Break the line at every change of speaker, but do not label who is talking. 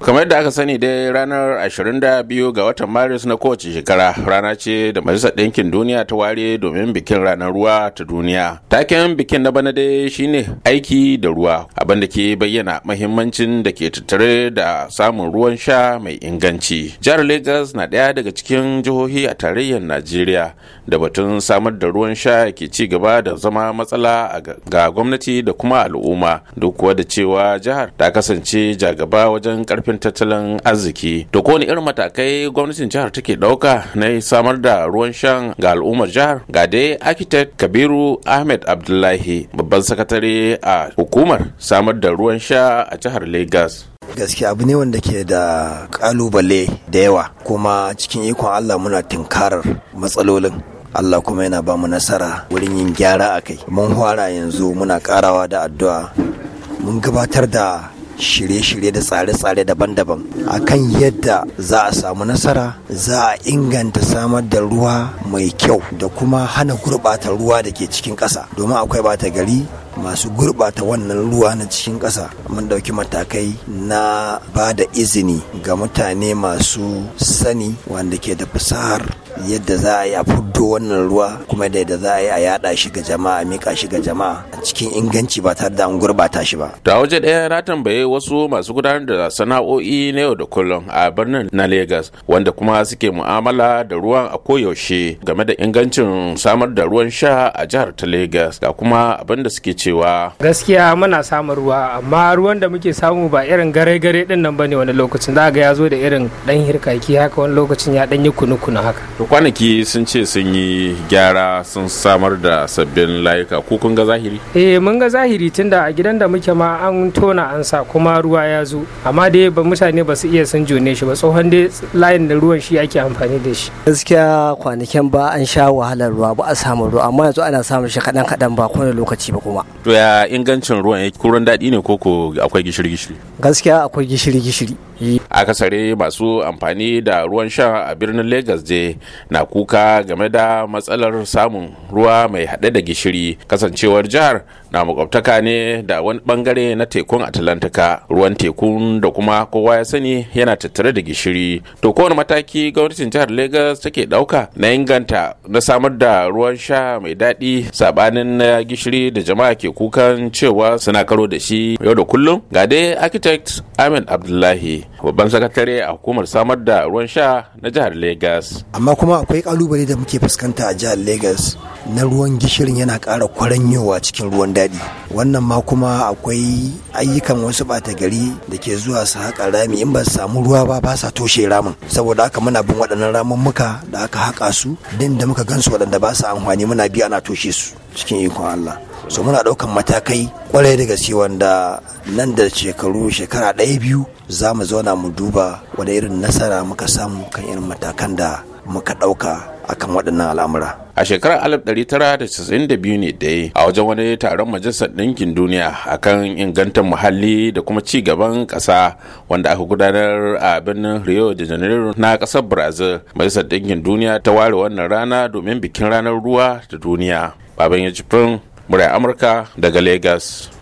kamar yadda aka sani dai ranar 22 ga watan maris na kowace shekara rana ce da majalisar ɗinkin duniya ta ware domin bikin ranar ruwa ta duniya taken bikin na bana dai shine aiki da ruwa abin da ke bayyana mahimmancin da ke tattare da samun ruwan sha mai inganci jihar lagos na ɗaya daga cikin jihohi a tarayyar najeriya da batun samar da ruwan sha ke ci gaba da zama matsala ga gwamnati da kuma al'umma duk kuwa da cewa jihar ta kasance jagaba wajen karfi zafin tattalin arziki to kowane irin matakai gwamnatin jihar take dauka na samar da ruwan sha ga al'ummar jihar ga dai architect kabiru ahmed abdullahi babban sakatare a hukumar samar da ruwan sha a jihar lagos
gaskiya abu ne wanda ke da kalubale da yawa kuma cikin ikon allah muna tinkarar matsalolin Allah kuma yana ba mu nasara wurin yin gyara a kai mun fara yanzu muna karawa da addu'a mun gabatar da shirye-shirye da tsare-tsare daban-daban a kan yadda za a samu nasara za a inganta samar da ruwa mai kyau da kuma hana gurɓata ruwa da ke cikin ƙasa domin akwai bata gari masu gurɓata wannan ruwa na cikin ƙasa mun ɗauki matakai na ba da izini ga mutane masu sani wanda ke da fasahar yadda za a yi a fuddo wannan ruwa kuma da yadda za a yi a yada shi ga jama'a mika shi ga jama'a a cikin inganci ba tare da an gurbata shi ba.
To a waje ɗaya na tambaye wasu masu gudanar da sana'o'i na yau da kullum a birnin na Legas wanda kuma suke mu'amala da ruwan a koyaushe game da ingancin samar da ruwan sha a jihar ta Legas da kuma abin da suke cewa.
Gaskiya muna samun ruwa amma ruwan da muke samu ba irin gare-gare din nan bane wani lokacin za ga ya zo da irin ɗan hirkaki haka wani lokacin ya dan yi kunu-kunu haka.
kwanaki sun ce sun yi gyara sun samar da sabbin layuka ko kun ga zahiri eh
mun ga zahiri tunda a gidan da muke ma an tona an sa kuma ruwa ya zo amma dai ba mutane ba su iya sun jone shi ba tsohon dai layin da ruwan shi ake amfani da shi gaskiya kwanakin ba an sha wahalar ruwa ba a samu ruwa amma yanzu ana samun shi kadan kadan ba kowane lokaci ba kuma
to ya ingancin ruwan yake kuran daɗi ne ko akwai gishiri gishiri
gaskiya akwai gishiri gishiri
akasare masu amfani da ruwan sha a birnin Legas je na kuka game da matsalar samun ruwa mai haɗe da gishiri kasancewar jihar na makwabtaka ne da wani bangare na tekun atlantika ruwan tekun da kuma kowa ya sani yana tattare da gishiri to kowane mataki gwamnatin jihar lagos take dauka na inganta na samar da ruwan sha mai daɗi sabanin na gishiri da jama'a ke kukan cewa suna karo da shi yau da kullum ga dai architect amin abdullahi babban sakatare a hukumar samar da ruwan sha na jihar lagos
amma kuma akwai kalubale da muke fuskanta a jihar lagos na ruwan gishirin yana ƙara kwaranyowa cikin ruwan daji daɗi wannan ma kuma akwai ayyukan wasu ɓata gari da ke zuwa su haƙa rami in ba su samu ruwa ba ba sa toshe ramin saboda haka muna bin waɗannan ramin muka da aka haƙa su din da muka gansu waɗanda ba su amfani muna biya ana toshe su cikin ikon Allah so muna ɗaukan matakai kwarai da gaske wanda nan da shekaru shekara ɗaya biyu za mu zauna mu duba wani irin nasara muka samu kan irin matakan da muka ɗauka akan waɗannan al'amura
a shekarar 1992 ne dai a wajen wani taron majalisar ɗinkin duniya akan ingantar muhalli da kuma ci gaban ƙasa wanda aka gudanar a birnin rio de janeiro na ƙasar brazil majalisar ɗinkin duniya ta ware wannan rana domin bikin ranar ruwa da duniya baban ya jifin amurka daga legas